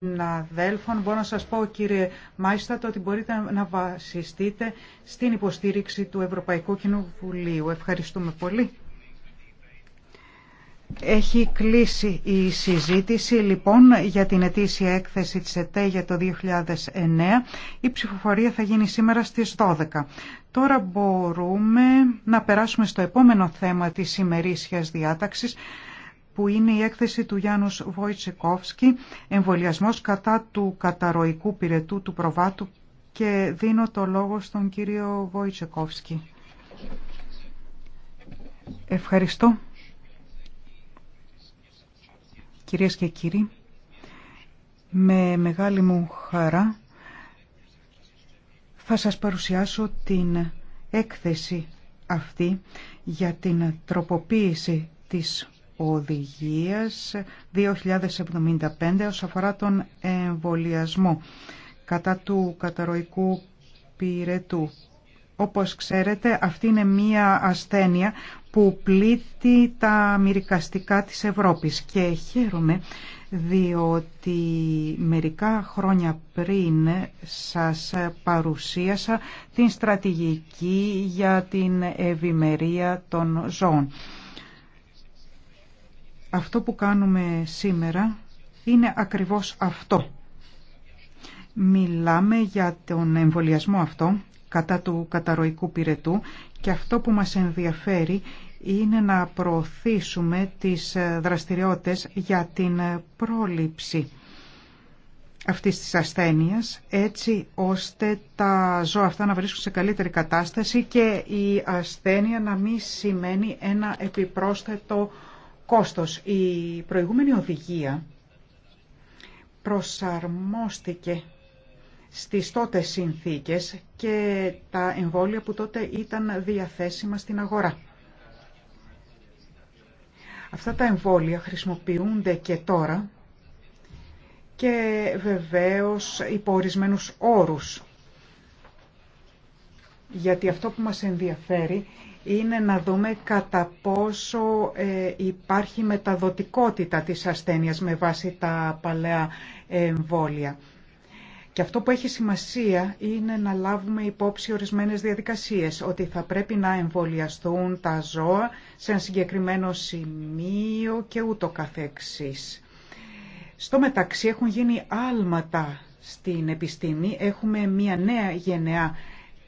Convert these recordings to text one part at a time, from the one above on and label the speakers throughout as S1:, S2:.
S1: συναδέλφων, μπορώ να σας πω κύριε Μάιστατο ότι μπορείτε να βασιστείτε στην υποστήριξη του Ευρωπαϊκού Κοινοβουλίου. Ευχαριστούμε πολύ. Έχει κλείσει η συζήτηση λοιπόν για την ετήσια έκθεση της ΕΤΕ για το 2009. Η ψηφοφορία θα γίνει σήμερα στις 12. Τώρα μπορούμε να περάσουμε στο επόμενο θέμα της ημερήσιας διάταξης που είναι η έκθεση του Γιάννους Βοητσικόφσκι Εμβολιασμό κατά του καταρροϊκού πυρετού του προβάτου» και δίνω το λόγο στον κύριο Βοητσικόφσκι. Ευχαριστώ. Κυρίες και κύριοι, με μεγάλη μου χαρά θα σας παρουσιάσω την έκθεση αυτή για την τροποποίηση της Οδηγίας 2075 όσον αφορά τον εμβολιασμό κατά του καταρροϊκού πυρετού. Όπως ξέρετε, αυτή είναι μία ασθένεια που πλήττει τα μυρικαστικά της Ευρώπης και χαίρομαι διότι μερικά χρόνια πριν σας παρουσίασα την στρατηγική για την ευημερία των ζώων. Αυτό που κάνουμε σήμερα είναι ακριβώς αυτό. Μιλάμε για τον εμβολιασμό αυτό κατά του καταρροϊκού πυρετού και αυτό που μας ενδιαφέρει είναι να προωθήσουμε τις δραστηριότητες για την πρόληψη αυτής της ασθένειας έτσι ώστε τα ζώα αυτά να βρίσκουν σε καλύτερη κατάσταση και η ασθένεια να μην σημαίνει ένα επιπρόσθετο κόστος. Η προηγούμενη οδηγία προσαρμόστηκε στις τότε συνθήκες και τα εμβόλια που τότε ήταν διαθέσιμα στην αγορά. Αυτά τα εμβόλια χρησιμοποιούνται και τώρα και βεβαίως υπό ορισμένους όρους. Γιατί αυτό που μας ενδιαφέρει είναι να δούμε κατά πόσο ε, υπάρχει μεταδοτικότητα της ασθένειας με βάση τα παλαιά εμβόλια. Και αυτό που έχει σημασία είναι να λάβουμε υπόψη ορισμένες διαδικασίες, ότι θα πρέπει να εμβολιαστούν τα ζώα σε ένα συγκεκριμένο σημείο και ούτω καθεξής. Στο μεταξύ έχουν γίνει άλματα στην επιστήμη, έχουμε μία νέα γενεά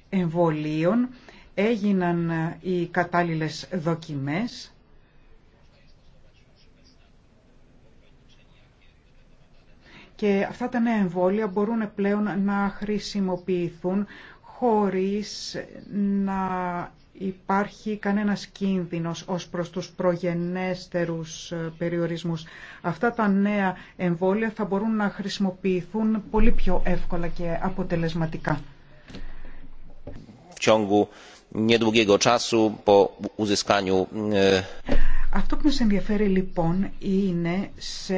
S1: εμβολίων έγιναν ε, οι κατάλληλες δοκιμές και αυτά τα νέα εμβόλια μπορούν πλέον να χρησιμοποιηθούν χωρίς να υπάρχει κανένας κίνδυνος ως προς τους προγενέστερους ε, περιορισμούς. Αυτά τα νέα εμβόλια θα μπορούν να χρησιμοποιηθούν πολύ πιο εύκολα και αποτελεσματικά. E, αυτό που μας ενδιαφέρει λοιπόν είναι σε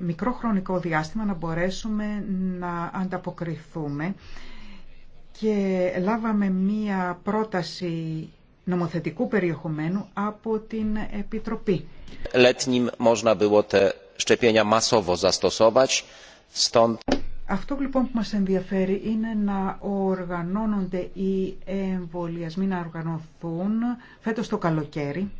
S1: μικρό χρονικό διάστημα να μπορέσουμε να ανταποκριθούμε και λάβαμε μία πρόταση νομοθετικού περιεχομένου από την Επιτροπή. Αυτό λοιπόν που μας ενδιαφέρει είναι να οργανώνονται οι εμβολιασμοί, να οργανωθούν φέτος το καλοκαίρι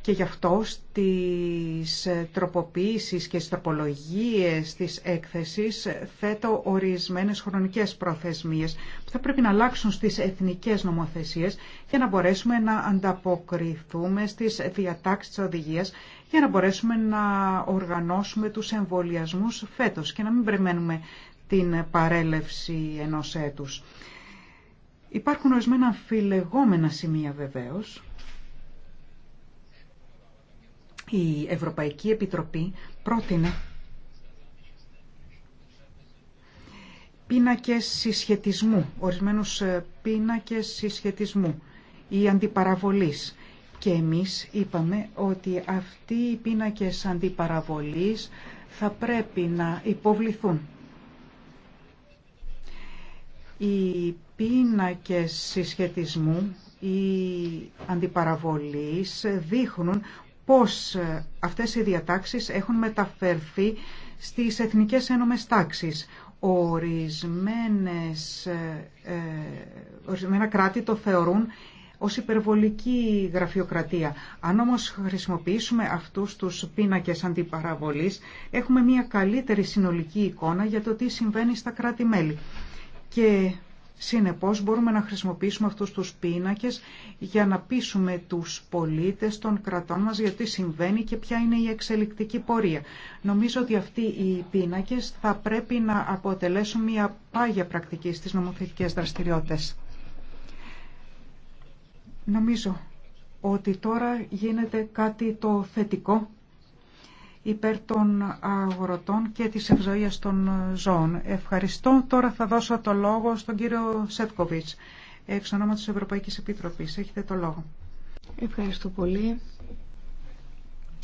S1: και γι' αυτό στις τροποποιήσεις και στις τροπολογίες της έκθεσης θέτω ορισμένες χρονικές προθεσμίες που θα πρέπει να αλλάξουν στις εθνικές νομοθεσίες για να μπορέσουμε να ανταποκριθούμε στις διατάξεις της οδηγίας για να μπορέσουμε να οργανώσουμε τους εμβολιασμούς φέτος και να μην περιμένουμε την παρέλευση ενός έτους. Υπάρχουν ορισμένα αμφιλεγόμενα σημεία βεβαίως. Η Ευρωπαϊκή Επιτροπή πρότεινε πίνακες συσχετισμού, ορισμένους ε, πίνακες συσχετισμού ή αντιπαραβολής. Και εμείς είπαμε ότι αυτοί οι πίνακες αντιπαραβολής θα πρέπει να υποβληθούν οι πίνακες συσχετισμού, οι αντιπαραβολής δείχνουν πώς αυτές οι διατάξεις έχουν μεταφερθεί στις εθνικές Ένωμες τάξεις. Ορισμένες, ε, ορισμένα κράτη το θεωρούν ως υπερβολική γραφειοκρατία. Αν όμως χρησιμοποιήσουμε αυτούς τους πίνακες αντιπαραβολής, έχουμε μια καλύτερη συνολική εικόνα για το τι συμβαίνει στα κράτη-μέλη και Συνεπώς μπορούμε να χρησιμοποιήσουμε αυτούς τους πίνακες για να πείσουμε τους πολίτες των κρατών μας γιατί συμβαίνει και ποια είναι η εξελικτική πορεία. Νομίζω ότι αυτοί οι πίνακες θα πρέπει να αποτελέσουν μια πάγια πρακτική στις νομοθετικές δραστηριότητες. Νομίζω ότι τώρα γίνεται κάτι το θετικό υπέρ των αγροτών και της ευζοίας των ζώων. Ευχαριστώ. Τώρα θα δώσω το λόγο στον κύριο Σέτκοβιτς, εξ ονόματος Ευρωπαϊκή Ευρωπαϊκής Επιτροπής. Έχετε το λόγο.
S2: Ευχαριστώ πολύ.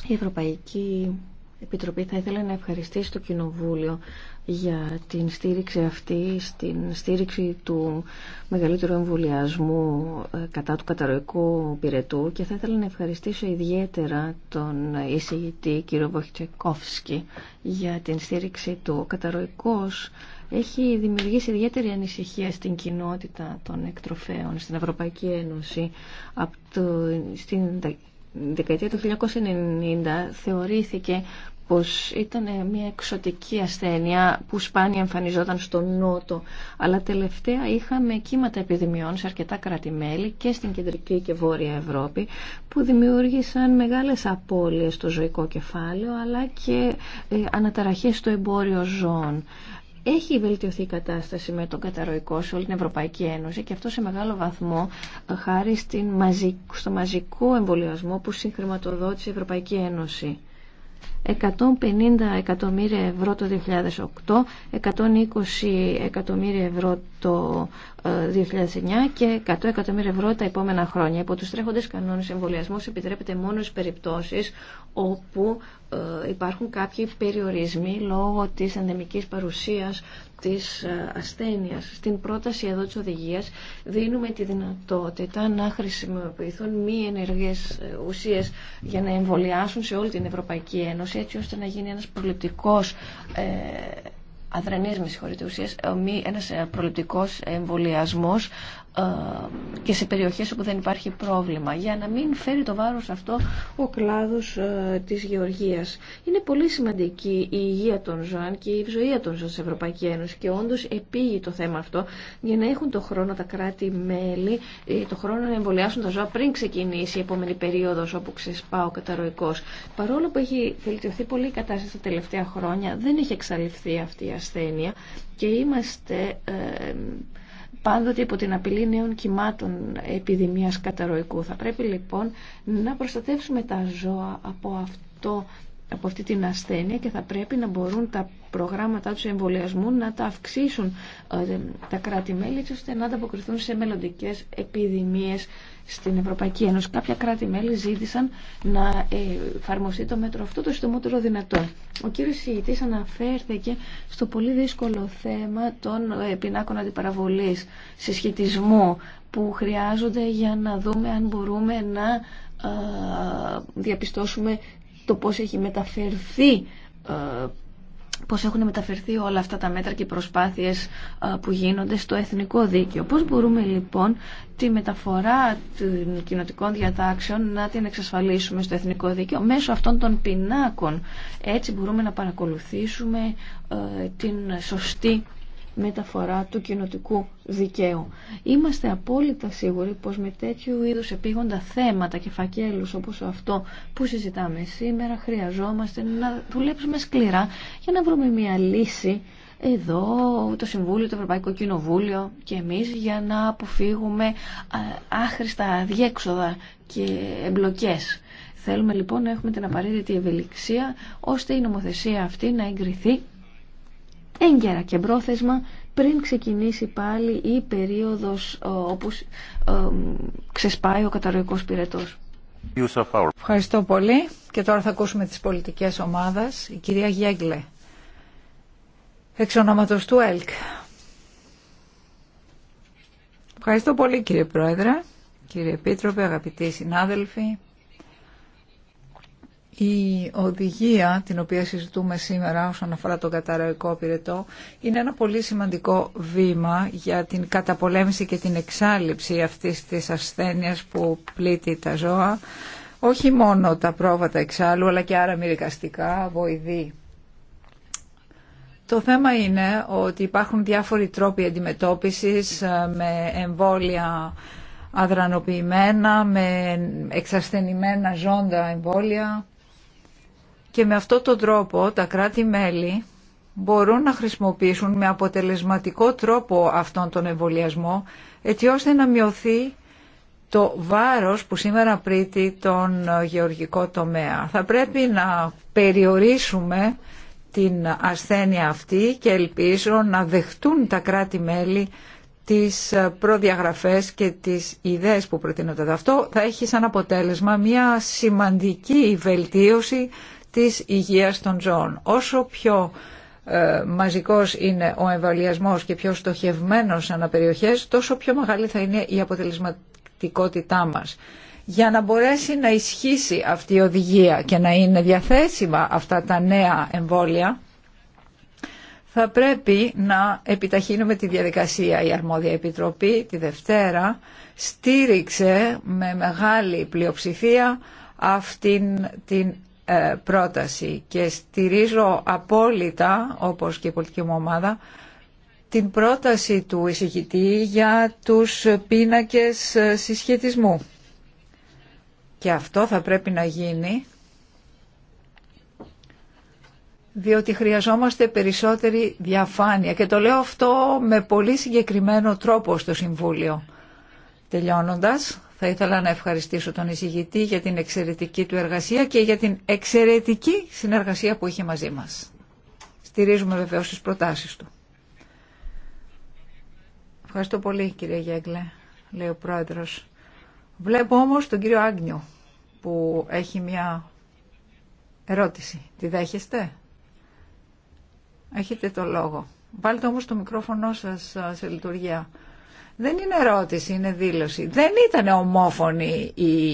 S2: Η Ευρωπαϊκή Επιτροπή θα ήθελα να ευχαριστήσει το Κοινοβούλιο για την στήριξη αυτή, στην στήριξη του μεγαλύτερου εμβολιασμού ε, κατά του καταρροϊκού πυρετού και θα ήθελα να ευχαριστήσω ιδιαίτερα τον εισηγητή κύριο Βοχτσεκόφσκι για την στήριξη του. Ο καταρροϊκός έχει δημιουργήσει ιδιαίτερη ανησυχία στην κοινότητα των εκτροφέων στην Ευρωπαϊκή Ένωση από το, στην δεκαετία του 1990 θεωρήθηκε πως ήταν ε, μια εξωτική ασθένεια που σπάνια εμφανιζόταν στο νότο, αλλά τελευταία είχαμε κύματα επιδημιών σε αρκετά κράτη-μέλη και στην κεντρική και βόρεια Ευρώπη που δημιούργησαν μεγάλες απώλειες στο ζωικό κεφάλαιο αλλά και ε, αναταραχές στο εμπόριο ζώων. Έχει βελτιωθεί η κατάσταση με τον καταρροϊκό σε όλη την Ευρωπαϊκή Ένωση και αυτό σε μεγάλο βαθμό ε, χάρη στο μαζικό εμβολιασμό που συγχρηματοδότησε η Ευρωπαϊκή Ένωση. 150 εκατομμύρια ευρώ το 2008, 120 εκατομμύρια ευρώ το 2009 ε, και 100 εκατομμύρια ευρώ τα επόμενα χρόνια. Υπό τους τρέχοντες κανόνες εμβολιασμός επιτρέπεται μόνο στις περιπτώσεις όπου ε, υπάρχουν κάποιοι περιορισμοί λόγω της ενδεμικής παρουσίας της ε, ασθένειας. Στην πρόταση εδώ της οδηγίας δίνουμε τη δυνατότητα να χρησιμοποιηθούν μη ενεργές ε, ουσίες για να εμβολιάσουν σε όλη την Ευρωπαϊκή Ένωση έτσι ώστε να γίνει ένας προληπτικός ε, αδρανής με ένας προληπτικός εμβολιασμός ε, και σε περιοχές όπου δεν υπάρχει πρόβλημα για να μην φέρει το βάρος αυτό ο κλάδος ε, της γεωργίας. Είναι πολύ σημαντική η υγεία των ζώων και η ζωή των ζώων στην Ευρωπαϊκή Ένωση και όντως επίγει το θέμα αυτό για να έχουν το χρόνο τα κράτη-μέλη ε, το χρόνο να εμβολιάσουν τα ζώα πριν ξεκινήσει η επόμενη περίοδος όπου ξεσπά ο καταρροϊκός. Παρόλο που έχει βελτιωθεί πολύ η κατάσταση τα τελευταία χρόνια δεν έχει εξαλειφθεί αυτή η ασθένεια και είμαστε πάντοτε υπό την απειλή νέων κυμάτων επιδημίας καταρροϊκού. Θα πρέπει λοιπόν να προστατεύσουμε τα ζώα από αυτό από αυτή την ασθένεια και θα πρέπει να μπορούν τα προγράμματα του εμβολιασμού να τα αυξήσουν ε, τα κράτη-μέλη ώστε να ανταποκριθούν σε μελλοντικέ επιδημίες στην Ευρωπαϊκή Ένωση. Κάποια κράτη-μέλη ζήτησαν να εφαρμοστεί το μέτρο αυτό το συντομότερο δυνατό. Ο κύριος συγητής αναφέρθηκε στο πολύ δύσκολο θέμα των ε, πινάκων αντιπαραβολής, συσχετισμού που χρειάζονται για να δούμε αν μπορούμε να ε, διαπιστώσουμε το πώς έχει μεταφερθεί ε, πώς έχουν μεταφερθεί όλα αυτά τα μέτρα και οι προσπάθειες ε, που γίνονται στο εθνικό δίκαιο. Πώς μπορούμε λοιπόν τη μεταφορά των κοινοτικών διατάξεων να την εξασφαλίσουμε στο εθνικό δίκαιο μέσω αυτών των πινάκων. Έτσι μπορούμε να παρακολουθήσουμε ε, την σωστή μεταφορά του κοινοτικού δικαίου. Είμαστε απόλυτα σίγουροι πως με τέτοιου είδους επίγοντα θέματα και φακέλους όπως αυτό που συζητάμε σήμερα χρειαζόμαστε να δουλέψουμε σκληρά για να βρούμε μια λύση εδώ το Συμβούλιο, το Ευρωπαϊκό Κοινοβούλιο και εμείς για να αποφύγουμε άχρηστα διέξοδα και εμπλοκές. Θέλουμε λοιπόν να έχουμε την απαραίτητη ευελιξία ώστε η νομοθεσία αυτή να εγκριθεί έγκαιρα και πρόθεσμα πριν ξεκινήσει πάλι η περίοδος όπως ξεσπάει ο καταρροϊκός πυρετός. Ευχαριστώ πολύ και τώρα θα
S3: ακούσουμε τις πολιτικές ομάδες. Η κυρία Γέγκλε, εξ ονόματος του ΕΛΚ. Ευχαριστώ πολύ κύριε Πρόεδρε, κύριε Επίτροπε, αγαπητοί συνάδελφοι. Η οδηγία την οποία συζητούμε σήμερα όσον αφορά τον καταραϊκό πυρετό είναι ένα πολύ σημαντικό βήμα για την καταπολέμηση και την εξάλληψη αυτής της ασθένειας που πλήττει τα ζώα όχι μόνο τα πρόβατα εξάλλου αλλά και άρα μυρικαστικά, βοηδή. Το θέμα είναι ότι υπάρχουν διάφοροι τρόποι αντιμετώπισης ε, με εμβόλια αδρανοποιημένα, με εξασθενημένα ζώντα εμβόλια και με αυτόν τον τρόπο τα κράτη-μέλη μπορούν να χρησιμοποιήσουν με αποτελεσματικό τρόπο αυτόν τον εμβολιασμό έτσι ώστε να μειωθεί το βάρος που σήμερα πρίττει τον γεωργικό τομέα. Θα πρέπει να περιορίσουμε την ασθένεια αυτή και ελπίζω να δεχτούν τα κράτη-μέλη τις προδιαγραφές και τις ιδέες που προτείνονται. Αυτό θα έχει σαν αποτέλεσμα μια σημαντική βελτίωση της υγείας των ζώων. Όσο πιο ε, μαζικός είναι ο εμβολιασμός και πιο στοχευμένος περιοχές τόσο πιο μεγάλη θα είναι η αποτελεσματικότητά μας. Για να μπορέσει να ισχύσει αυτή η οδηγία και να είναι διαθέσιμα αυτά τα νέα εμβόλια, θα πρέπει να επιταχύνουμε τη διαδικασία. Η Αρμόδια Επιτροπή τη Δευτέρα στήριξε με μεγάλη πλειοψηφία αυτήν την ε, πρόταση και στηρίζω απόλυτα, όπως και η πολιτική μου ομάδα, την πρόταση του εισηγητή για τους πίνακες ε, συσχετισμού. Και αυτό θα πρέπει να γίνει διότι χρειαζόμαστε περισσότερη διαφάνεια και το λέω αυτό με πολύ συγκεκριμένο τρόπο στο Συμβούλιο. Τελειώνοντας, θα ήθελα να ευχαριστήσω τον εισηγητή για την εξαιρετική του εργασία και για την εξαιρετική συνεργασία που είχε μαζί μας. Στηρίζουμε βεβαίως τις προτάσεις του. Ευχαριστώ πολύ κύριε Γέγκλε, λέει ο πρόεδρος. Βλέπω όμως τον κύριο Άγνιο που έχει μια ερώτηση. Τη δέχεστε? Έχετε το λόγο. Βάλτε όμως το μικρόφωνο σας ε, σε λειτουργία. Δεν είναι ερώτηση, είναι δήλωση. Δεν ήταν ομόφωνη η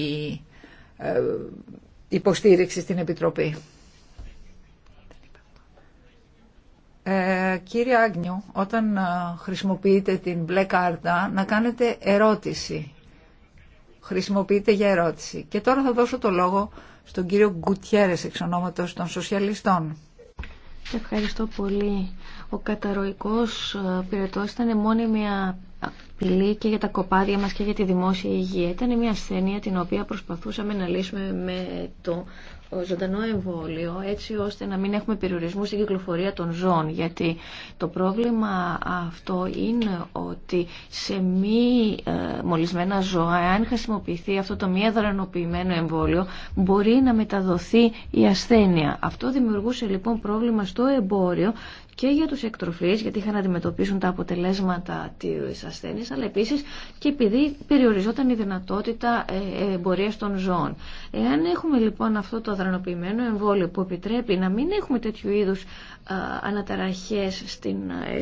S3: ε, υποστήριξη στην Επιτροπή. Ε, κύριε Άγνιου, όταν ε, χρησιμοποιείτε την μπλε κάρτα, να κάνετε ερώτηση. Χρησιμοποιείτε για ερώτηση. Και τώρα θα δώσω το λόγο στον κύριο Γκουτιέρες, εξ ονόματος των Σοσιαλιστών.
S2: Ευχαριστώ πολύ. Ο καταρροϊκός ε, πυρετός ήταν μόνη μια απειλή και για τα κοπάδια μας και για τη δημόσια υγεία. Ήταν μια ασθένεια την οποία προσπαθούσαμε να λύσουμε με το ζωντανό εμβόλιο έτσι ώστε να μην έχουμε περιορισμού στην κυκλοφορία των ζώων γιατί το πρόβλημα αυτό είναι ότι σε μη ε, μολυσμένα ζώα αν χρησιμοποιηθεί αυτό το μη αδρανοποιημένο εμβόλιο μπορεί να μεταδοθεί η ασθένεια. Αυτό δημιουργούσε λοιπόν πρόβλημα στο εμπόριο και για τους εκτροφείς γιατί είχαν να αντιμετωπίσουν τα αποτελέσματα της ασθένειας αλλά επίσης και επειδή περιοριζόταν η δυνατότητα ε, ε, εμπορίας των ζώων. Εάν έχουμε λοιπόν αυτό το αδρανοποιημένο εμβόλιο που επιτρέπει να μην έχουμε τέτοιου είδους αναταραχές στην ε,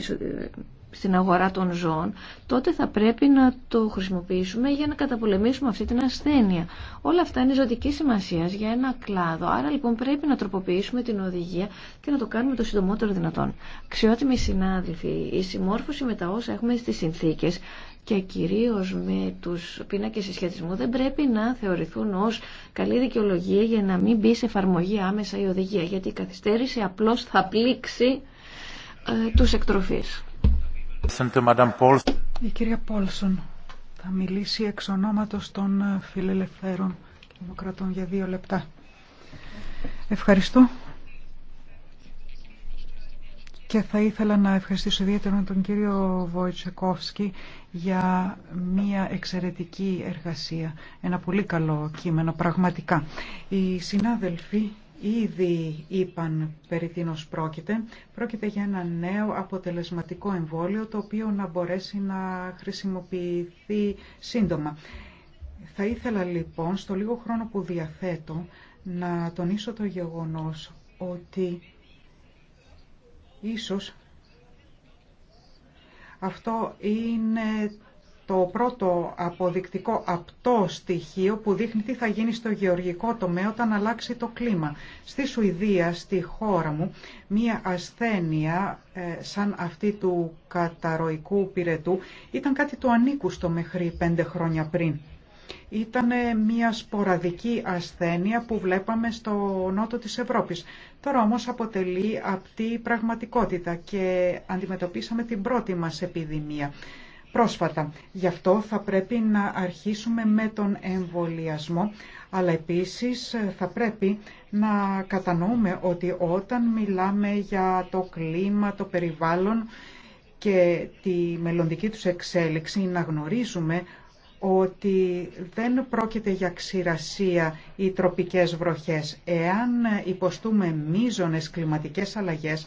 S2: στην αγορά των ζώων, τότε θα πρέπει να το χρησιμοποιήσουμε για να καταπολεμήσουμε αυτή την ασθένεια. Όλα αυτά είναι ζωτική σημασία για ένα κλάδο. Άρα λοιπόν πρέπει να τροποποιήσουμε την οδηγία και να το κάνουμε το συντομότερο δυνατόν. Ξιότιμοι συνάδελφοι, η συμμόρφωση με τα όσα έχουμε στι συνθήκε και κυρίω με του πίνακε συσχετισμού δεν πρέπει να θεωρηθούν ω καλή δικαιολογία για να μην μπει σε εφαρμογή άμεσα η οδηγία γιατί η καθυστέρηση απλώ θα πλήξει ε, τους εκτροφείς. Η κυρία Πόλσον θα μιλήσει εξ
S1: ονόματος των ε, φιλελευθέρων και δημοκρατών για δύο λεπτά. Ευχαριστώ. Και θα ήθελα να ευχαριστήσω ιδιαίτερα τον κύριο Βοητσεκόφσκι για μια εξαιρετική εργασία. Ένα πολύ καλό κείμενο, πραγματικά. Οι συνάδελφοι ήδη είπαν περί τίνος πρόκειται. Πρόκειται για ένα νέο αποτελεσματικό εμβόλιο το οποίο να μπορέσει να χρησιμοποιηθεί σύντομα. Θα ήθελα λοιπόν στο λίγο χρόνο που διαθέτω να τονίσω το γεγονός ότι ίσως αυτό είναι το πρώτο αποδεικτικό απτό στοιχείο που δείχνει τι θα γίνει στο γεωργικό τομέα όταν αλλάξει το κλίμα. Στη Σουηδία, στη χώρα μου, μία ασθένεια ε, σαν αυτή του καταρροϊκού πυρετού ήταν κάτι το ανήκουστο μέχρι πέντε χρόνια πριν. Ήταν ε, μία σποραδική ασθένεια που βλέπαμε στο νότο της Ευρώπης. Τώρα όμως αποτελεί απτή πραγματικότητα και αντιμετωπίσαμε την πρώτη μας επιδημία πρόσφατα. Γι' αυτό θα πρέπει να αρχίσουμε με τον εμβολιασμό, αλλά επίσης θα πρέπει να κατανοούμε ότι όταν μιλάμε για το κλίμα, το περιβάλλον και τη μελλοντική τους εξέλιξη, να γνωρίζουμε ότι δεν πρόκειται για ξηρασία ή τροπικές βροχές. Εάν υποστούμε μείζονες κλιματικές αλλαγές,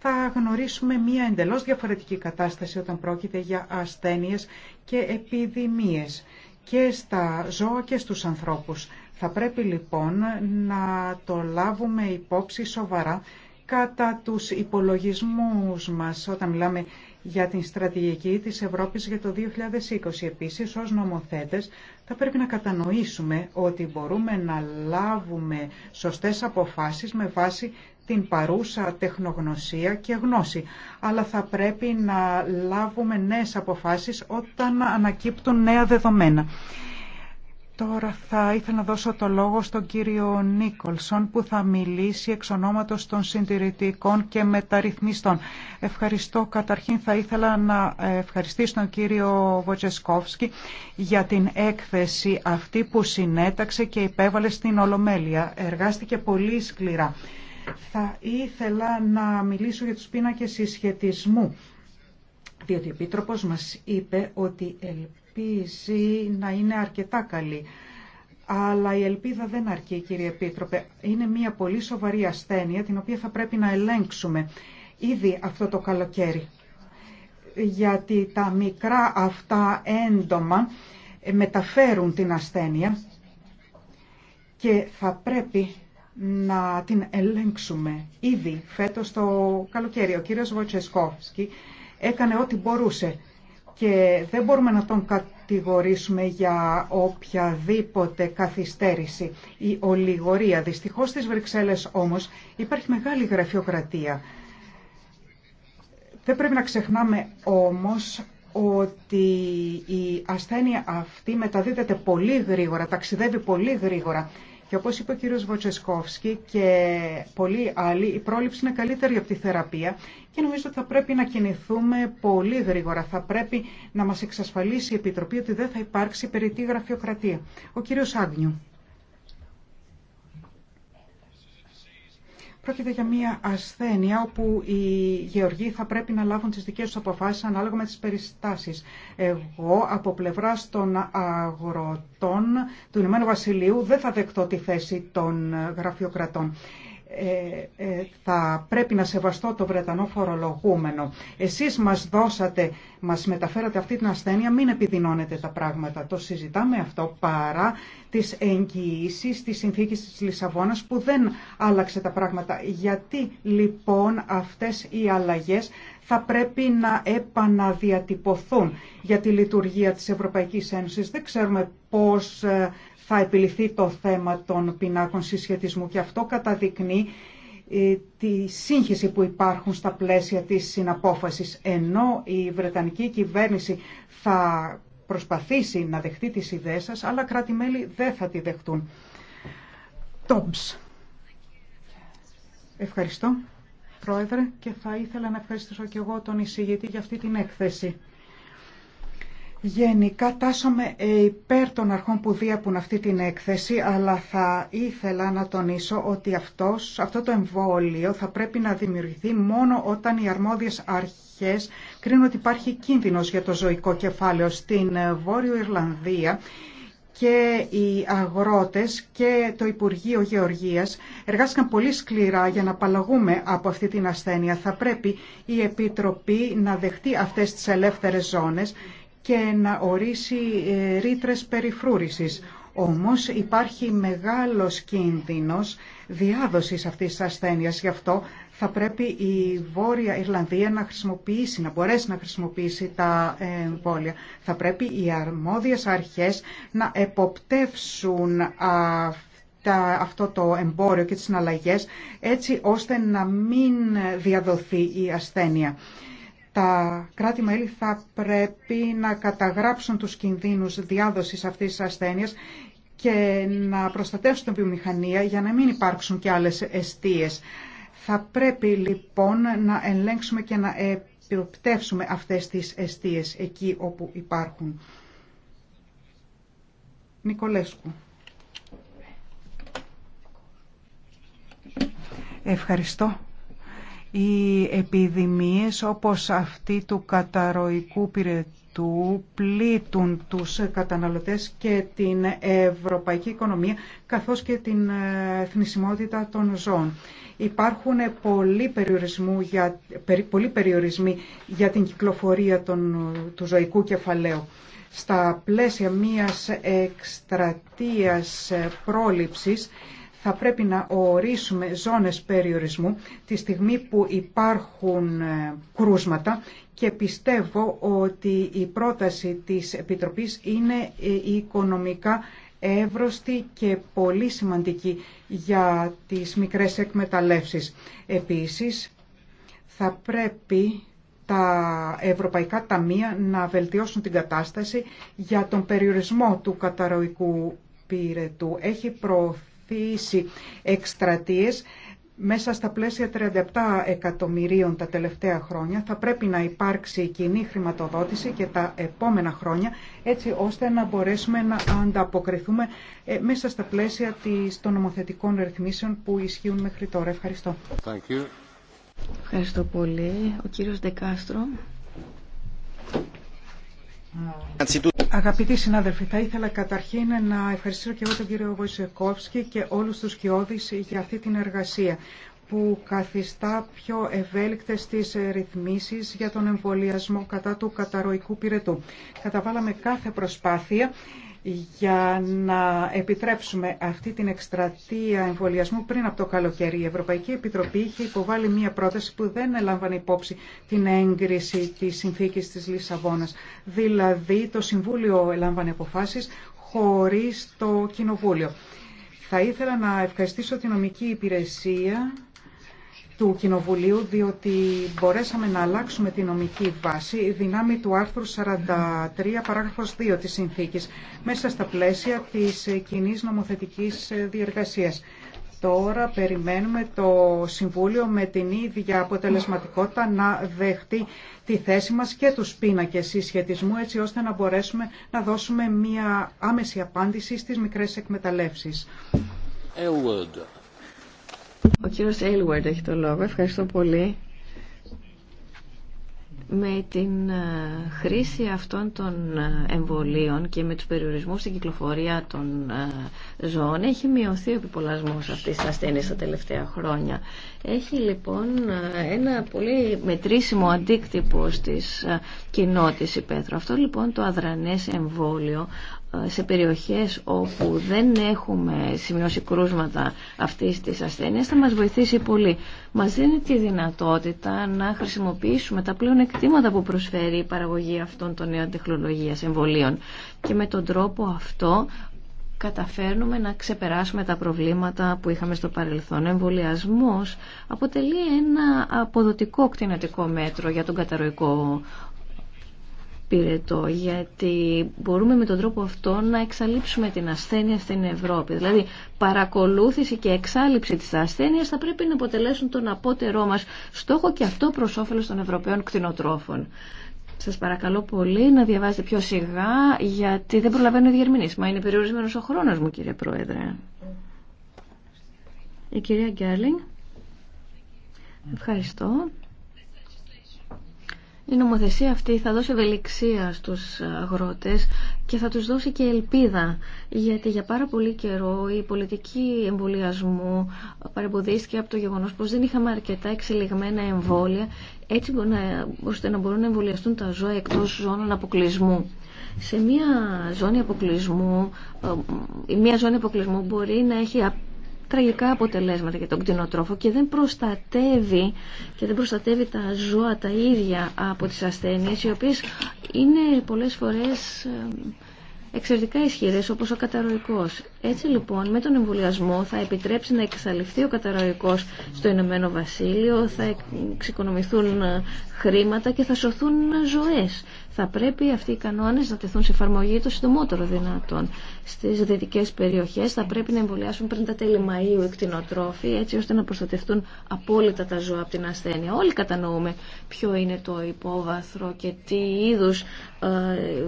S1: θα γνωρίσουμε μία εντελώς διαφορετική κατάσταση όταν πρόκειται για ασθένειες και επιδημίες και στα ζώα και στους ανθρώπους. Θα πρέπει λοιπόν να το λάβουμε υπόψη σοβαρά κατά τους υπολογισμούς μας όταν μιλάμε για την στρατηγική της Ευρώπης για το 2020. Επίσης, ως νομοθέτες, θα πρέπει να κατανοήσουμε ότι μπορούμε να λάβουμε σωστές αποφάσεις με βάση την παρούσα τεχνογνωσία και γνώση. Αλλά θα πρέπει να λάβουμε νέες αποφάσεις όταν ανακύπτουν νέα δεδομένα. Τώρα θα ήθελα να δώσω το λόγο στον κύριο Νίκολσον που θα μιλήσει εξ ονόματος των συντηρητικών και μεταρρυθμιστών. Ευχαριστώ. Καταρχήν θα ήθελα να ευχαριστήσω τον κύριο Βοτσεσκόφσκι για την έκθεση αυτή που συνέταξε και υπέβαλε στην Ολομέλεια. Εργάστηκε πολύ σκληρά. Θα ήθελα να μιλήσω για τους πίνακες συσχετισμού διότι ο Επίτροπος μας είπε ότι να είναι αρκετά καλή. Αλλά η ελπίδα δεν αρκεί, κύριε Επίτροπε. Είναι μια πολύ σοβαρή ασθένεια την οποία θα πρέπει να ελέγξουμε ήδη αυτό το καλοκαίρι. Γιατί τα μικρά αυτά έντομα μεταφέρουν την ασθένεια και θα πρέπει να την ελέγξουμε ήδη φέτος το καλοκαίρι. Ο κύριος Βοτσεσκόφσκι έκανε ό,τι μπορούσε και δεν μπορούμε να τον κατηγορήσουμε για οποιαδήποτε καθυστέρηση ή ολιγορία. Δυστυχώς στις Βρυξέλλες όμως υπάρχει μεγάλη γραφειοκρατία. Δεν πρέπει να ξεχνάμε όμως ότι η ασθένεια αυτή μεταδίδεται πολύ γρήγορα, ταξιδεύει πολύ γρήγορα και όπως είπε ο κύριος Βοτσεσκόφσκι και πολλοί άλλοι, η πρόληψη είναι καλύτερη από τη θεραπεία και νομίζω ότι θα πρέπει να κινηθούμε πολύ γρήγορα. Θα πρέπει να μας εξασφαλίσει η Επιτροπή ότι δεν θα υπάρξει περιττή γραφειοκρατία. Ο κύριος Άγνιου. Πρόκειται για μια ασθένεια όπου οι γεωργοί θα πρέπει να λάβουν τις δικές τους αποφάσεις ανάλογα με τις περιστάσεις. Εγώ από πλευρά των αγροτών του Ηνωμένου Βασιλείου δεν θα δεκτώ τη θέση των γραφειοκρατών. Ε, ε, θα πρέπει να σεβαστώ το Βρετανό φορολογούμενο. Εσείς μας δώσατε, μας μεταφέρατε αυτή την ασθένεια, μην επιδεινώνετε τα πράγματα. Το συζητάμε αυτό παρά τις εγγυήσει της συνθήκης της Λισαβόνας που δεν άλλαξε τα πράγματα. Γιατί λοιπόν αυτές οι αλλαγές θα πρέπει να επαναδιατυπωθούν για τη λειτουργία της Ευρωπαϊκής Ένωσης. Δεν ξέρουμε πώς ε, θα επιληθεί το θέμα των πινάκων συσχετισμού και αυτό καταδεικνύει ε, τη σύγχυση που υπάρχουν στα πλαίσια της συναπόφασης. Ενώ η Βρετανική κυβέρνηση θα προσπαθήσει να δεχτεί τις ιδέες σας, αλλά κράτη-μέλη δεν θα τη δεχτούν. Ευχαριστώ, Πρόεδρε, και θα ήθελα να ευχαριστήσω και εγώ τον εισηγητή για αυτή την έκθεση. Γενικά τάσομαι υπέρ των αρχών που διέπουν αυτή την έκθεση, αλλά θα ήθελα να τονίσω ότι αυτός, αυτό το εμβόλιο θα πρέπει να δημιουργηθεί μόνο όταν οι αρμόδιες αρχές κρίνουν ότι υπάρχει κίνδυνος για το ζωικό κεφάλαιο στην Βόρειο Ιρλανδία και οι αγρότες και το Υπουργείο Γεωργίας εργάστηκαν πολύ σκληρά για να απαλλαγούμε από αυτή την ασθένεια. Θα πρέπει η Επιτροπή να δεχτεί αυτές τις ελεύθερες ζώνες και να ορίσει ε, ρήτρες περιφρούρησης. Όμως υπάρχει μεγάλος κίνδυνος διάδοσης αυτής της ασθένειας. Γι' αυτό θα πρέπει η Βόρεια Ιρλανδία να χρησιμοποιήσει, να μπορέσει να χρησιμοποιήσει τα ε, εμβόλια. Θα πρέπει οι αρμόδιες αρχές να εποπτεύσουν αυτό το εμπόριο και τις συναλλαγές έτσι ώστε να μην διαδοθεί η ασθένεια τα κράτη-μέλη θα πρέπει να καταγράψουν τους κινδύνους διάδοσης αυτής της ασθένειας και να προστατεύσουν την βιομηχανία για να μην υπάρξουν και άλλες αιστείες. Θα πρέπει λοιπόν να ελέγξουμε και να επιοπτεύσουμε αυτές τις αιστείες εκεί όπου υπάρχουν. Νικολέσκου. Ευχαριστώ οι επιδημίες όπως αυτή του καταρροϊκού πυρετού πλήττουν τους καταναλωτές και την ευρωπαϊκή οικονομία καθώς και την ε, θνησιμότητα των ζώων. Υπάρχουν πολλοί, περιορισμοί για την κυκλοφορία των, του ζωικού κεφαλαίου. Στα πλαίσια μιας εκστρατείας πρόληψης θα πρέπει να ορίσουμε ζώνες περιορισμού τη στιγμή που υπάρχουν ε, κρούσματα και πιστεύω ότι η πρόταση της Επιτροπής είναι ε, οικονομικά εύρωστη και πολύ σημαντική για τις μικρές εκμεταλλεύσεις. Επίσης, θα πρέπει τα ευρωπαϊκά ταμεία να βελτιώσουν την κατάσταση για τον περιορισμό του καταρροϊκού πυρετού. Έχει προωθεί Εκστρατείε μέσα στα πλαίσια 37 εκατομμυρίων τα τελευταία χρόνια θα πρέπει να υπάρξει κοινή χρηματοδότηση και τα επόμενα χρόνια έτσι ώστε να μπορέσουμε να ανταποκριθούμε ε, μέσα στα πλαίσια της, των νομοθετικών ρυθμίσεων που ισχύουν μέχρι τώρα. Ευχαριστώ. Thank you. Ευχαριστώ πολύ. Ο κύριος Δεκάστρο. Αγαπητοί συνάδελφοι, θα ήθελα καταρχήν να ευχαριστήσω και εγώ τον κύριο Βοησεκόφσκι και όλους τους κοιόδης για αυτή την εργασία που καθιστά πιο ευέλικτες τις ρυθμίσεις για τον εμβολιασμό κατά του καταρροϊκού πυρετού. Καταβάλαμε κάθε προσπάθεια για να επιτρέψουμε αυτή την εκστρατεία εμβολιασμού πριν από το καλοκαίρι. Η Ευρωπαϊκή Επιτροπή είχε υποβάλει μία πρόταση που δεν έλαμβανε υπόψη την έγκριση της συνθήκης της Λισαβόνας. Δηλαδή το Συμβούλιο έλαμβανε αποφάσεις χωρίς το Κοινοβούλιο. Θα ήθελα να ευχαριστήσω την νομική υπηρεσία του Κοινοβουλίου, διότι μπορέσαμε να αλλάξουμε τη νομική βάση δυνάμει του άρθρου 43 παράγραφος 2 της Συνθήκης μέσα στα πλαίσια της κοινή νομοθετικής διεργασίας. Τώρα περιμένουμε το Συμβούλιο με την ίδια αποτελεσματικότητα να δεχτεί τη θέση μας και τους πίνακες συσχετισμού έτσι ώστε να μπορέσουμε να δώσουμε μια άμεση απάντηση στις μικρές εκμεταλλεύσεις.
S2: Ο κύριος Έλουερντ έχει το λόγο. Ευχαριστώ πολύ. Με την ε, χρήση αυτών των ε, εμβολίων και με τους περιορισμούς στην κυκλοφορία των ε, ζώων έχει μειωθεί ο επιπολασμός αυτής της ασθένειας τα τελευταία χρόνια. Έχει λοιπόν ένα πολύ μετρήσιμο αντίκτυπο στις κοινότητες υπαίθρου. Αυτό λοιπόν το αδρανές εμβόλιο σε περιοχές όπου δεν έχουμε σημειώσει κρούσματα αυτής της ασθένειας θα μας βοηθήσει πολύ. Μας δίνει τη δυνατότητα να χρησιμοποιήσουμε τα πλέον εκτήματα που προσφέρει η παραγωγή αυτών των νέων τεχνολογίας εμβολίων και με τον τρόπο αυτό καταφέρνουμε να ξεπεράσουμε τα προβλήματα που είχαμε στο παρελθόν. Ο εμβολιασμός αποτελεί ένα αποδοτικό κτηνατικό μέτρο για τον καταρροϊκό πυρετό γιατί μπορούμε με τον τρόπο αυτό να εξαλείψουμε την ασθένεια στην Ευρώπη. Δηλαδή παρακολούθηση και εξάλληψη της ασθένειας θα πρέπει να αποτελέσουν τον απότερό μας στόχο και αυτό προς όφελος των Ευρωπαίων κτηνοτρόφων. Σας παρακαλώ πολύ να διαβάζετε πιο σιγά γιατί δεν προλαβαίνω διερμηνείς. Μα είναι περιορισμένος ο χρόνος μου κύριε Πρόεδρε. Η κυρία Γκέρλινγκ. Ευχαριστώ. Η νομοθεσία αυτή θα δώσει ευελιξία στους αγρότες και θα τους δώσει και ελπίδα, γιατί για πάρα πολύ καιρό η πολιτική εμβολιασμού παρεμποδίστηκε από το γεγονός πως δεν είχαμε αρκετά εξελιγμένα εμβόλια, έτσι ώστε να μπορούν να εμβολιαστούν τα ζώα εκτός ζώνων αποκλεισμού. Σε μια ζώνη αποκλεισμού, ε, μια ζώνη αποκλεισμού μπορεί να έχει τραγικά αποτελέσματα για τον κτηνοτρόφο και δεν προστατεύει και δεν προστατεύει τα ζώα τα ίδια από τις ασθένειες οι οποίες είναι πολλές φορές ε, εξαιρετικά ισχυρές όπως ο καταρροϊκός. Έτσι λοιπόν με τον εμβολιασμό θα επιτρέψει να εξαλειφθεί ο καταρροϊκός στο Ηνωμένο Βασίλειο, θα εξοικονομηθούν ε, χρήματα και θα σωθούν ε, ζωές. Θα πρέπει αυτοί οι κανόνες να τεθούν σε εφαρμογή το συντομότερο δυνατόν. Στις δυτικές περιοχές θα πρέπει να εμβολιάσουν πριν τα τέλη Μαΐου εκτινοτρόφοι έτσι ώστε να προστατευτούν απόλυτα τα ζώα από την ασθένεια. Όλοι κατανοούμε ποιο είναι το υπόβαθρο και τι είδους ε,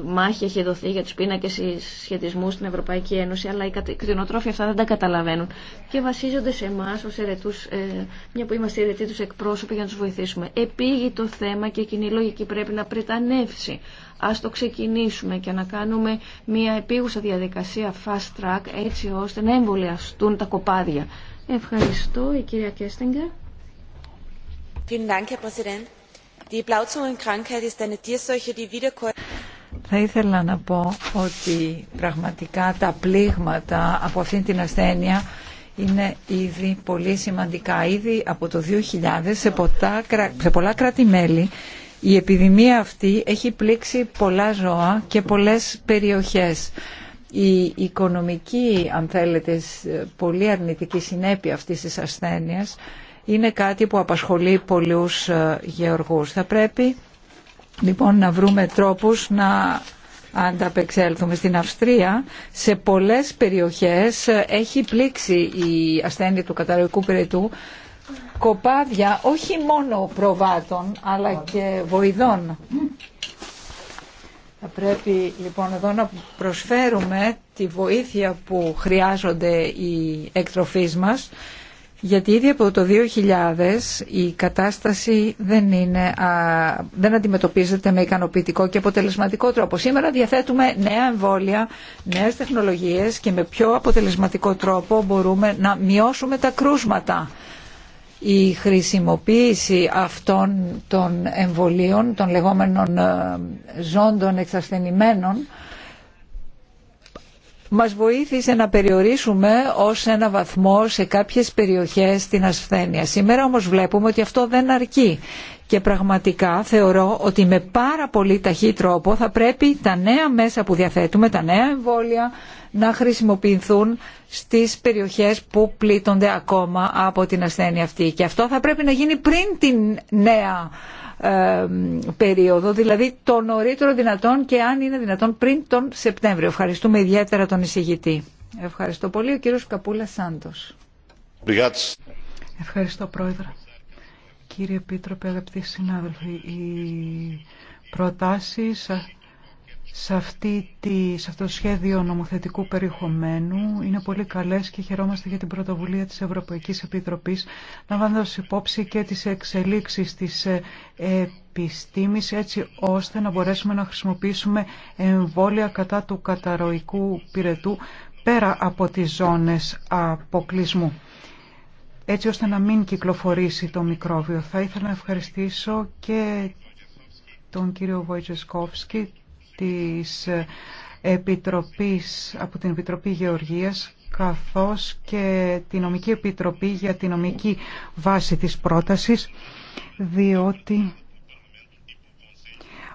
S2: μάχη έχει δοθεί για τους πίνακες σχετισμους στην Ευρωπαϊκή Ένωση αλλά κτηνοτρόφια αυτά δεν τα καταλαβαίνουν και βασίζονται σε εμά ω ερετούς, ε, μια που είμαστε ερετοί του εκπρόσωποι για να τους βοηθήσουμε. Επίγει το θέμα και η κοινή λογική πρέπει να πρετανεύσει. α το ξεκινήσουμε και να κάνουμε μια επίγουσα διαδικασία fast track έτσι ώστε να εμβολιαστούν τα κοπάδια. Ευχαριστώ η κυρία Κέστιγκερ.
S4: Vielen Dank, Herr Präsident. Die Blauzungenkrankheit ist eine Tierseuche, die
S3: θα ήθελα να πω ότι πραγματικά τα πλήγματα από αυτή την ασθένεια είναι ήδη πολύ σημαντικά. Ήδη από το 2000 σε, σε πολλά κράτη-μέλη η επιδημία αυτή έχει πλήξει πολλά ζώα και πολλές περιοχές. Η οικονομική, αν θέλετε, πολύ αρνητική συνέπεια αυτής της ασθένειας είναι κάτι που απασχολεί πολλούς ε, γεωργούς. Θα πρέπει λοιπόν να βρούμε τρόπους να ανταπεξέλθουμε. Στην Αυστρία σε πολλές περιοχές έχει πλήξει η ασθένεια του καταρροϊκού πυρετού κοπάδια όχι μόνο προβάτων αλλά και βοηδών. Θα πρέπει λοιπόν εδώ να προσφέρουμε τη βοήθεια που χρειάζονται οι εκτροφείς μας γιατί ήδη από το 2000 η κατάσταση δεν, είναι, δεν αντιμετωπίζεται με ικανοποιητικό και αποτελεσματικό τρόπο. Σήμερα διαθέτουμε νέα εμβόλια, νέες τεχνολογίες και με πιο αποτελεσματικό τρόπο μπορούμε να μειώσουμε τα κρούσματα. Η χρησιμοποίηση αυτών των εμβολίων, των λεγόμενων ε, ζώντων εξασθενημένων, μας βοήθησε να περιορίσουμε ως ένα βαθμό σε κάποιες περιοχές την ασθένεια. Σήμερα όμως βλέπουμε ότι αυτό δεν αρκεί και πραγματικά θεωρώ ότι με πάρα πολύ ταχύ τρόπο θα πρέπει τα νέα μέσα που διαθέτουμε, τα νέα εμβόλια να χρησιμοποιηθούν στις περιοχές που πλήττονται ακόμα από την ασθένεια αυτή. Και αυτό θα πρέπει να γίνει πριν την νέα περίοδο, δηλαδή το νωρίτερο δυνατόν και αν είναι δυνατόν πριν τον Σεπτέμβριο. Ευχαριστούμε ιδιαίτερα τον εισηγητή. Ευχαριστώ πολύ. Ο κύριος Καπούλα Σάντος.
S1: Ευχαριστώ πρόεδρε. Κύριε Επίτροπε, αγαπητοί συνάδελφοι, οι προτάσεις σε, αυτή τη, σε αυτό το σχέδιο νομοθετικού περιεχομένου είναι πολύ καλές και χαιρόμαστε για την πρωτοβουλία της Ευρωπαϊκής Επιτροπής λαμβάνοντα υπόψη και τις εξελίξεις της ε, επιστήμης έτσι ώστε να μπορέσουμε να χρησιμοποιήσουμε εμβόλια κατά του καταρροϊκού πυρετού πέρα από τις ζώνες αποκλεισμού έτσι ώστε να μην κυκλοφορήσει το μικρόβιο. Θα ήθελα να ευχαριστήσω και τον κύριο Βοητζεσκόφσκι της ε, Επιτροπής, από την Επιτροπή Γεωργίας καθώς και τη Νομική Επιτροπή για τη νομική βάση της πρότασης διότι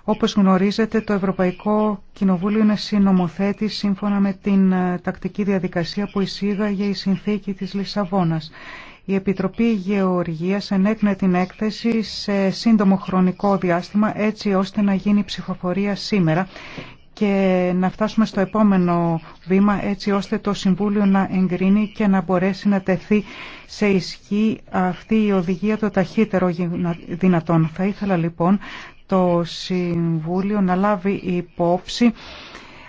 S1: όπως γνωρίζετε το Ευρωπαϊκό Κοινοβούλιο είναι συνομοθέτη σύμφωνα με την ε, τακτική διαδικασία που εισήγαγε η συνθήκη της Λισαβόνας. Η Επιτροπή Γεωργίας ενέκνε την έκθεση σε σύντομο χρονικό διάστημα έτσι ώστε να γίνει ψηφοφορία σήμερα και να φτάσουμε στο επόμενο βήμα έτσι ώστε το Συμβούλιο να εγκρίνει και να μπορέσει να τεθεί σε ισχύ αυτή η οδηγία το ταχύτερο δυνατόν. Θα ήθελα λοιπόν το Συμβούλιο να λάβει υπόψη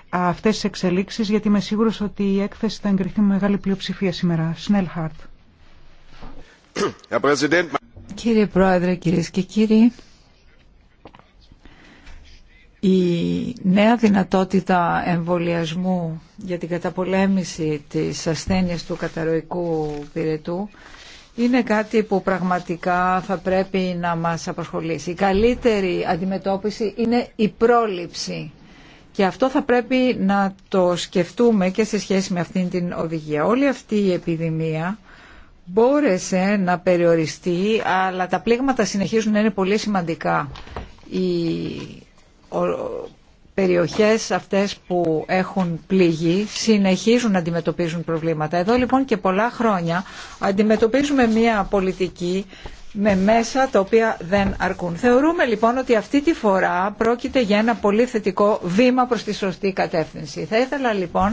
S1: αυτές τις εξελίξεις γιατί είμαι σίγουρος ότι η έκθεση θα εγκριθεί με μεγάλη πλειοψηφία σήμερα. Κύριε Πρόεδρε, κυρίες και κύριοι,
S3: η νέα δυνατότητα εμβολιασμού για την καταπολέμηση της ασθένειας του καταρροϊκού πυρετού είναι κάτι που πραγματικά θα πρέπει να μας απασχολήσει. Η καλύτερη αντιμετώπιση είναι η πρόληψη. Και αυτό θα πρέπει να το σκεφτούμε και σε σχέση με αυτήν την οδηγία. Όλη αυτή η επιδημία μπόρεσε να περιοριστεί, αλλά τα πλήγματα συνεχίζουν να είναι πολύ σημαντικά. Οι περιοχές αυτές που έχουν πληγεί συνεχίζουν να αντιμετωπίζουν προβλήματα. Εδώ λοιπόν και πολλά χρόνια αντιμετωπίζουμε μια πολιτική με μέσα τα οποία δεν αρκούν. Θεωρούμε λοιπόν ότι αυτή τη φορά πρόκειται για ένα πολύ θετικό βήμα προς τη σωστή κατεύθυνση. Θα ήθελα λοιπόν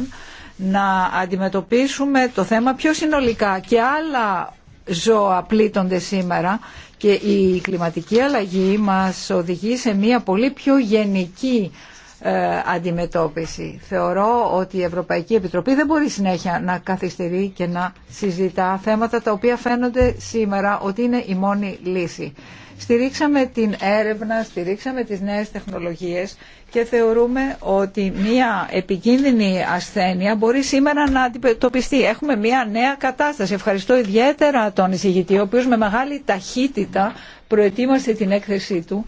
S3: να αντιμετωπίσουμε το θέμα πιο συνολικά και άλλα ζώα πλήττονται σήμερα και η κλιματική αλλαγή μας οδηγεί σε μια πολύ πιο γενική ε, αντιμετώπιση. Θεωρώ ότι η Ευρωπαϊκή Επιτροπή δεν μπορεί συνέχεια να καθυστερεί και να συζητά θέματα τα οποία φαίνονται σήμερα ότι είναι η μόνη λύση. Στηρίξαμε την έρευνα, στηρίξαμε τις νέες τεχνολογίες και θεωρούμε ότι μια επικίνδυνη ασθένεια μπορεί σήμερα να αντιμετωπιστεί. Έχουμε μια νέα κατάσταση. Ευχαριστώ ιδιαίτερα τον εισηγητή, ο οποίος με μεγάλη ταχύτητα προετοίμασε την έκθεσή του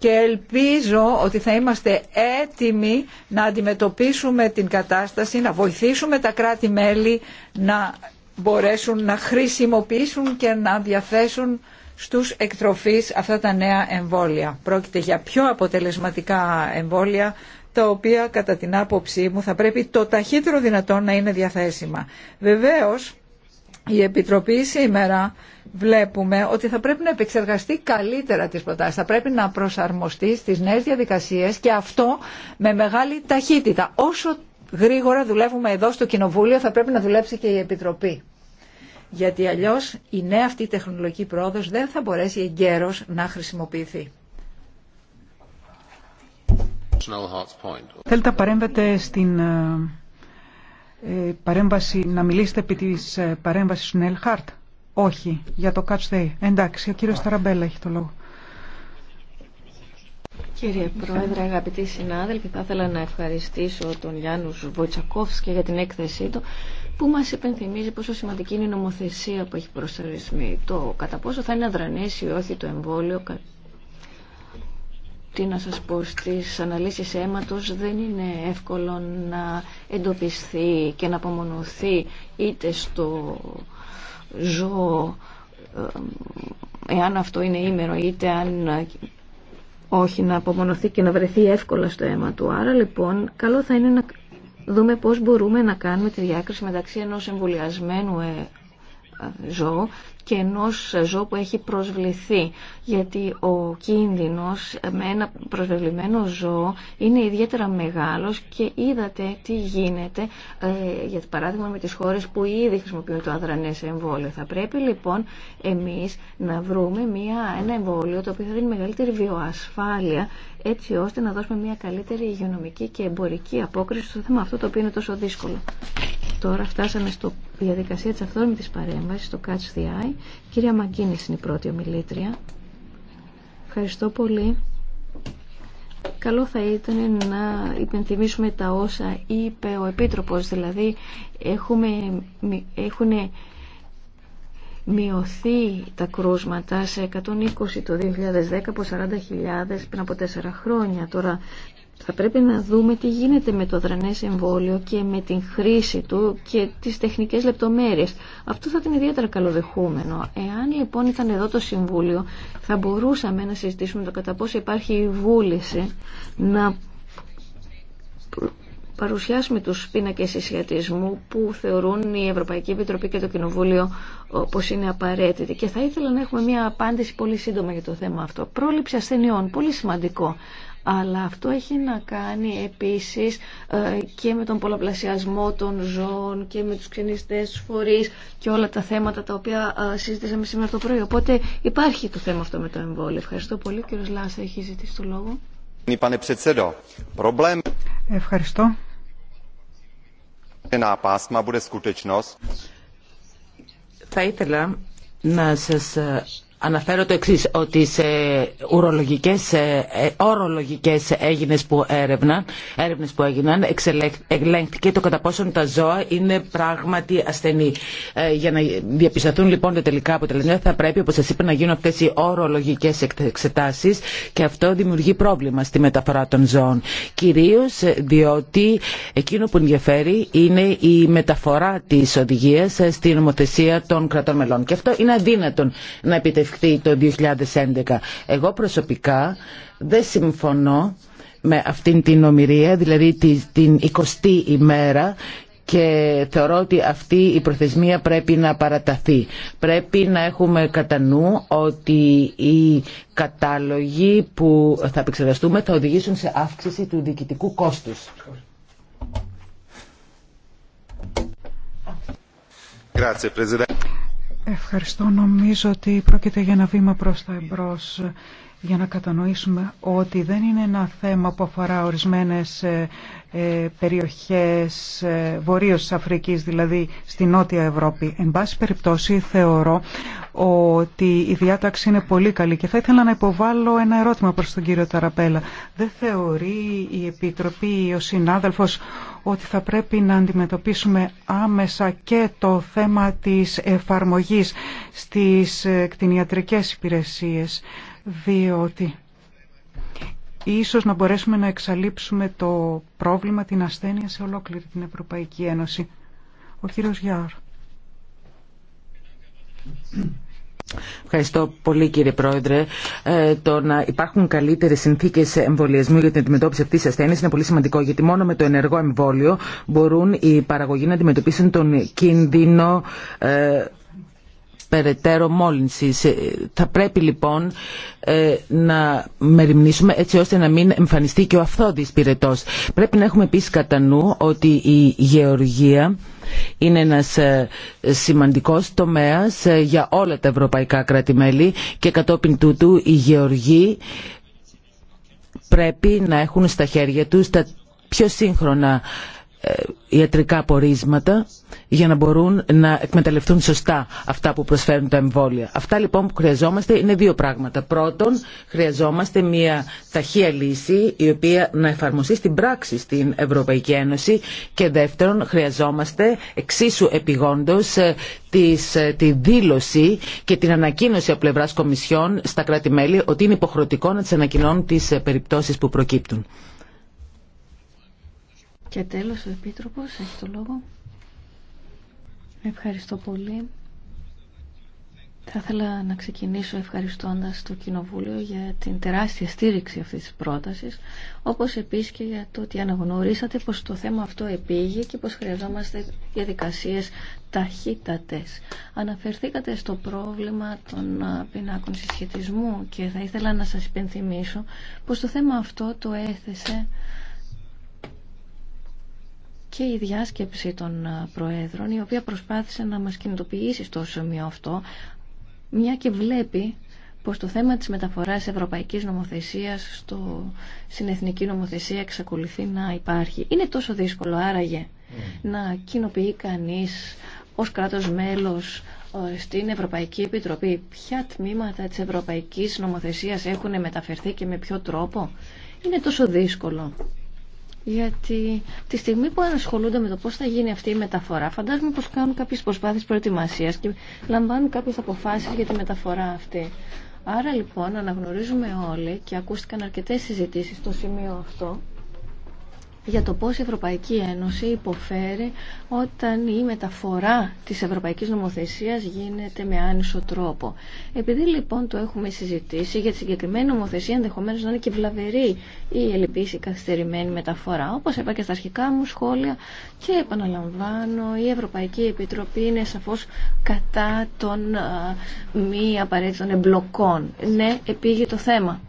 S3: και ελπίζω ότι θα είμαστε έτοιμοι να αντιμετωπίσουμε την κατάσταση, να βοηθήσουμε τα κράτη-μέλη να μπορέσουν να χρησιμοποιήσουν και να διαθέσουν στους εκτροφείς αυτά τα νέα εμβόλια. Πρόκειται για πιο αποτελεσματικά εμβόλια τα οποία κατά την άποψή μου θα πρέπει το ταχύτερο δυνατόν να είναι διαθέσιμα. Βεβαίως η Επιτροπή σήμερα βλέπουμε ότι θα πρέπει να επεξεργαστεί καλύτερα τις προτάσεις. Θα πρέπει να προσαρμοστεί στις νέες διαδικασίες και αυτό με μεγάλη ταχύτητα. Όσο γρήγορα δουλεύουμε εδώ στο Κοινοβούλιο θα πρέπει να δουλέψει και η Επιτροπή. Γιατί αλλιώς η νέα αυτή τεχνολογική πρόοδος δεν θα μπορέσει εγκαίρως να χρησιμοποιηθεί.
S1: Θέλετε παρέμβετε στην ε, ε, παρέμβαση, να μιλήσετε επί της ε, παρέμβασης του Νέλ Χάρτ. Όχι, για το Catch Day. Εντάξει, ο κύριος Ταραμπέλα έχει το λόγο.
S2: Κύριε Πρόεδρε, αγαπητοί συνάδελφοι, θα ήθελα να ευχαριστήσω τον Γιάννου και για την έκθεσή του που μας υπενθυμίζει πόσο σημαντική είναι η νομοθεσία που έχει προσαρισμεί. Το κατά πόσο θα είναι αδρανές ή όχι το εμβόλιο τι να σας πω, στις αναλύσεις αίματος δεν είναι εύκολο να εντοπιστεί και να απομονωθεί είτε στο ζώο ε, εάν αυτό είναι ήμερο είτε αν όχι να απομονωθεί και να βρεθεί εύκολα στο αίμα του. Άρα λοιπόν καλό θα είναι να δούμε πώς μπορούμε να κάνουμε τη διάκριση μεταξύ ενός εμβολιασμένου ε, ζώου και ενός ζώου που έχει προσβληθεί. Γιατί ο κίνδυνος με ένα προσβεβλημένο ζώο είναι ιδιαίτερα μεγάλος και είδατε τι γίνεται, ε, για παράδειγμα με τις χώρες που ήδη χρησιμοποιούν το αδρανές εμβόλιο. Θα πρέπει λοιπόν εμείς να βρούμε μια, ένα εμβόλιο το οποίο θα δίνει μεγαλύτερη βιοασφάλεια έτσι ώστε να δώσουμε μια καλύτερη υγειονομική και εμπορική απόκριση στο θέμα αυτό το οποίο είναι τόσο δύσκολο. Τώρα φτάσαμε στο διαδικασία της αυθόρμητης παρέμβασης, στο Catch the Eye. Κυρία Μαγκίνης είναι η πρώτη ομιλήτρια. Ευχαριστώ πολύ. Καλό θα ήταν να υπενθυμίσουμε τα όσα είπε ο Επίτροπος, δηλαδή έχουμε, έχουν μειωθεί τα κρούσματα σε 120 το 2010 από 40.000 πριν από 4 χρόνια. Τώρα θα πρέπει να δούμε τι γίνεται με το δρανέ εμβόλιο και με την χρήση του και τις τεχνικές λεπτομέρειες. Αυτό θα ήταν ιδιαίτερα καλοδεχούμενο. Εάν λοιπόν ήταν εδώ το Συμβούλιο, θα μπορούσαμε να συζητήσουμε το κατά πόσο υπάρχει η βούληση να παρουσιάσουμε τους πίνακες συσχετισμού που θεωρούν η Ευρωπαϊκή Επιτροπή και το Κοινοβούλιο όπως είναι απαραίτητοι. Και θα ήθελα να έχουμε μια απάντηση πολύ σύντομα για το θέμα αυτό. Πρόληψη ασθενειών, πολύ σημαντικό αλλά αυτό έχει να κάνει επίσης ε, και με τον πολλαπλασιασμό των ζώων και με τους ξενιστές, του φορείς και όλα τα θέματα τα οποία ε, συζήτησαμε σήμερα το πρωί. Οπότε υπάρχει το θέμα αυτό με το εμβόλιο. Ευχαριστώ πολύ. Κύριος Λάσα έχει ζητήσει το λόγο. Ευχαριστώ.
S4: Θα ήθελα να σας ε, αναφέρω το εξής, ότι σε ουρολογικές, ε, ορολογικές έγινες που έρευναν, έρευνες που έγιναν ελέγχθηκε το κατά πόσον τα ζώα είναι πράγματι ασθενή. Ε, για να διαπιστωθούν λοιπόν τα τελικά αποτελέσματα θα πρέπει όπως σας είπα να γίνουν αυτές οι ορολογικές εξετάσεις και αυτό δημιουργεί πρόβλημα στη μεταφορά των ζώων. Κυρίως διότι εκείνο που ενδιαφέρει είναι η μεταφορά της οδηγίας στην νομοθεσία των κρατών μελών. Και αυτό είναι αδύνατο να επιτευχθεί το 2011. Εγώ προσωπικά δεν συμφωνώ με αυτήν την ομοιρία, δηλαδή την 20η ημέρα και θεωρώ ότι αυτή η προθεσμία πρέπει να παραταθεί. Πρέπει να έχουμε κατά νου ότι οι κατάλογοι που θα επεξεργαστούμε θα οδηγήσουν σε αύξηση του διοικητικού κόστους. Ευχαριστώ. Νομίζω
S1: ότι πρόκειται για ένα βήμα προς τα εμπρός για να κατανοήσουμε ότι δεν είναι ένα θέμα που αφορά ορισμένες ε, ε, περιοχές ε, βορείως της Αφρικής, δηλαδή στη Νότια Ευρώπη. Εν πάση περιπτώσει θεωρώ ότι η διάταξη είναι πολύ καλή και θα ήθελα να υποβάλω ένα ερώτημα προς τον κύριο Ταραπέλα. Δεν θεωρεί η Επιτροπή, ο συνάδελφος, ότι θα πρέπει να αντιμετωπίσουμε άμεσα και το θέμα της εφαρμογής στις ε, κτηνιατρικές υπηρεσίες, διότι ίσως να μπορέσουμε να εξαλείψουμε το πρόβλημα, την ασθένεια σε ολόκληρη την Ευρωπαϊκή Ένωση. Ο κύριος Γιάρ.
S4: Ευχαριστώ πολύ κύριε Πρόεδρε. Ε, το να υπάρχουν καλύτερε συνθήκε εμβολιασμού για την αντιμετώπιση αυτή τη ασθένεια είναι πολύ σημαντικό γιατί μόνο με το ενεργό εμβόλιο μπορούν οι παραγωγοί να αντιμετωπίσουν τον κίνδυνο ε, περαιτέρω μόλυνσης. Θα πρέπει λοιπόν ε, να μεριμνήσουμε έτσι ώστε να μην εμφανιστεί και ο αυθόδης πυρετός. Πρέπει να έχουμε επίσης κατά νου ότι η γεωργία είναι ένας ε, σημαντικός τομέας ε, για όλα τα ευρωπαϊκά κράτη-μέλη και κατόπιν τούτου οι γεωργοί πρέπει να έχουν στα χέρια τους τα πιο σύγχρονα ε, ιατρικά πορίσματα για να μπορούν να εκμεταλλευτούν σωστά αυτά που προσφέρουν τα εμβόλια. Αυτά λοιπόν που χρειαζόμαστε είναι δύο πράγματα. Πρώτον, χρειαζόμαστε μια ταχεία λύση η οποία να εφαρμοστεί στην πράξη στην Ευρωπαϊκή Ένωση και δεύτερον, χρειαζόμαστε εξίσου επιγόντως ε, της, ε, τη δήλωση και την ανακοίνωση από πλευράς Κομισιόν στα κράτη-μέλη ότι είναι υποχρεωτικό να τις ανακοινώνουν τις περιπτώσεις που προκύπτουν.
S2: Και τέλος ο Επίτροπος έχει το λόγο. Ευχαριστώ πολύ. Θα ήθελα να ξεκινήσω ευχαριστώντας το Κοινοβούλιο για την τεράστια στήριξη αυτής της πρότασης, όπως επίσης και για το ότι αναγνωρίσατε πως το θέμα αυτό επήγε και πως χρειαζόμαστε διαδικασίες ταχύτατες. Αναφερθήκατε στο πρόβλημα των πινάκων συσχετισμού και θα ήθελα να σας υπενθυμίσω πως το θέμα αυτό το έθεσε και η διάσκεψη των ε, Προέδρων η οποία προσπάθησε να μας κινητοποιήσει στο σημείο αυτό μια και βλέπει πως το θέμα της μεταφοράς ευρωπαϊκής νομοθεσίας στο, στην εθνική νομοθεσία εξακολουθεί να υπάρχει. Είναι τόσο δύσκολο άραγε mm. να κοινοποιεί κανείς ως κράτος μέλος ε, στην Ευρωπαϊκή Επιτροπή ποια τμήματα της ευρωπαϊκής νομοθεσίας έχουν μεταφερθεί και με ποιο τρόπο. Είναι τόσο δύσκολο γιατί τη στιγμή που ανασχολούνται με το πώς θα γίνει αυτή η μεταφορά, φαντάζομαι πω κάνουν κάποιες πως κανουν καποιε προσπαθειες προετοιμασια και λαμβάνουν κάποιε αποφάσεις για τη μεταφορά αυτή. Άρα λοιπόν αναγνωρίζουμε όλοι και ακούστηκαν αρκετές συζητήσει στο σημείο αυτό για το πώς η Ευρωπαϊκή Ένωση υποφέρει όταν η μεταφορά της Ευρωπαϊκής Νομοθεσίας γίνεται με άνισο τρόπο. Επειδή λοιπόν το έχουμε συζητήσει για τη συγκεκριμένη νομοθεσία ενδεχομένως να είναι και βλαβερή η ελληπής η καθυστερημένη μεταφορά. Όπως είπα και στα αρχικά μου σχόλια και επαναλαμβάνω η Ευρωπαϊκή Επιτροπή είναι σαφώς κατά των α, μη απαραίτητων εμπλοκών. Ναι, επήγε το θέμα.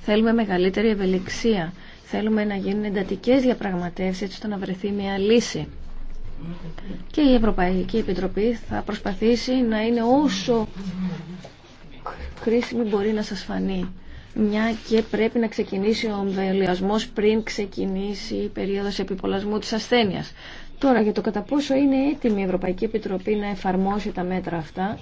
S2: Θέλουμε μεγαλύτερη ευελιξία. Θέλουμε να γίνουν εντατικέ διαπραγματεύσεις έτσι ώστε να βρεθεί μια λύση. Και η Ευρωπαϊκή Επιτροπή θα προσπαθήσει να είναι όσο κρίσιμη μπορεί να σας φανεί. Μια και πρέπει να ξεκινήσει ο εμβολιασμό πριν ξεκινήσει η περίοδος επιπολασμού της ασθένειας. Τώρα για το κατά πόσο είναι έτοιμη η Ευρωπαϊκή Επιτροπή να εφαρμόσει τα μέτρα αυτά,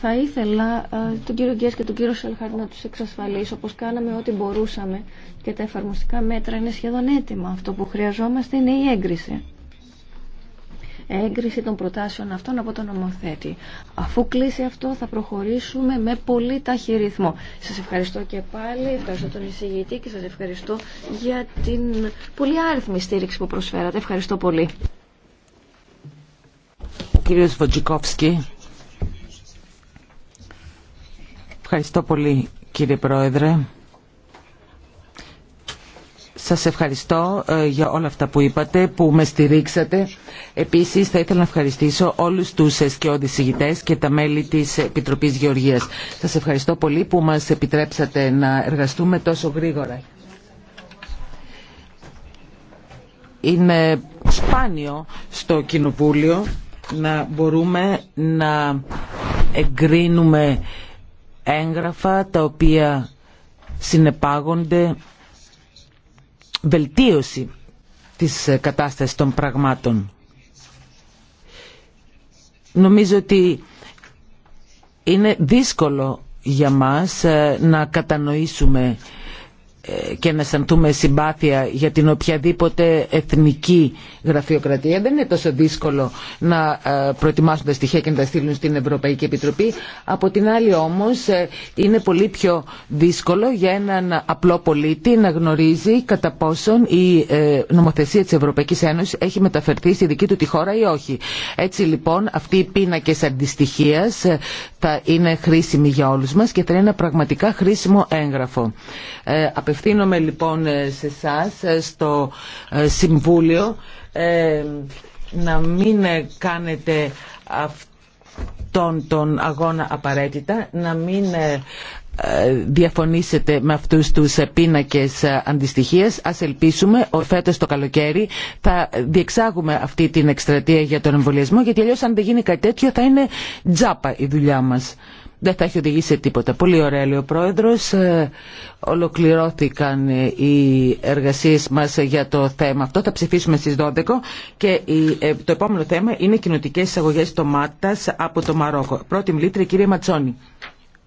S2: θα ήθελα ε, τον κύριο Γκέρ και τον κύριο Σελχάρη να τους εξασφαλίσω όπω κάναμε ό,τι μπορούσαμε και τα εφαρμοστικά μέτρα είναι σχεδόν έτοιμα. Αυτό που χρειαζόμαστε είναι η έγκριση. Έγκριση των προτάσεων αυτών από τον νομοθέτη. Αφού κλείσει αυτό θα προχωρήσουμε με πολύ ταχύ ρυθμό. Σας ευχαριστώ και πάλι, ευχαριστώ τον εισηγητή και σα ευχαριστώ για την πολύ άριθμη στήριξη που προσφέρατε. Ευχαριστώ πολύ.
S4: Ευχαριστώ πολύ κύριε Πρόεδρε. Σας ευχαριστώ ε, για όλα αυτά που είπατε, που με στηρίξατε. Επίσης θα ήθελα να ευχαριστήσω όλους τους εσκαιώδης ηγητές και τα μέλη της Επιτροπής Γεωργίας. Σας ευχαριστώ πολύ που μας επιτρέψατε να εργαστούμε τόσο γρήγορα. Είναι σπάνιο στο Κοινοβούλιο να μπορούμε να εγκρίνουμε έγγραφα τα οποία συνεπάγονται βελτίωση της κατάστασης των πραγμάτων. Νομίζω ότι είναι δύσκολο για μας ε, να κατανοήσουμε και να αισθανθούμε συμπάθεια για την οποιαδήποτε εθνική γραφειοκρατία. Δεν είναι τόσο δύσκολο να ε, προετοιμάσουν τα στοιχεία και να τα στείλουν στην Ευρωπαϊκή Επιτροπή. Από την άλλη όμως ε, είναι πολύ πιο δύσκολο για έναν απλό πολίτη να γνωρίζει κατά πόσον η ε, νομοθεσία της Ευρωπαϊκής Ένωσης έχει μεταφερθεί στη δική του τη χώρα ή όχι. Έτσι λοιπόν αυτοί οι πίνακες αντιστοιχίας θα είναι χρήσιμη για όλους μας και θα είναι ένα πραγματικά χρήσιμο έγγραφο. Ε, απευθύνομαι λοιπόν ε, σε εσά ε, στο ε, Συμβούλιο ε, να μην κάνετε αυτόν τον αγώνα απαραίτητα, να μην διαφωνήσετε με αυτούς τους πίνακες αντιστοιχία. Ας ελπίσουμε ότι φέτος το καλοκαίρι θα διεξάγουμε αυτή την εκστρατεία για τον εμβολιασμό γιατί αλλιώς αν δεν γίνει κάτι τέτοιο θα είναι τζάπα η δουλειά μας. Δεν θα έχει οδηγήσει σε τίποτα. Πολύ ωραία λέει ο Πρόεδρος. Ε, ολοκληρώθηκαν οι εργασίες μας για το θέμα αυτό. Θα ψηφίσουμε στις 12 και ε, το επόμενο θέμα είναι κοινοτικές εισαγωγές τομάτας από το Μαρόκο. Πρώτη μιλήτρια η κυρία Ματσόνη.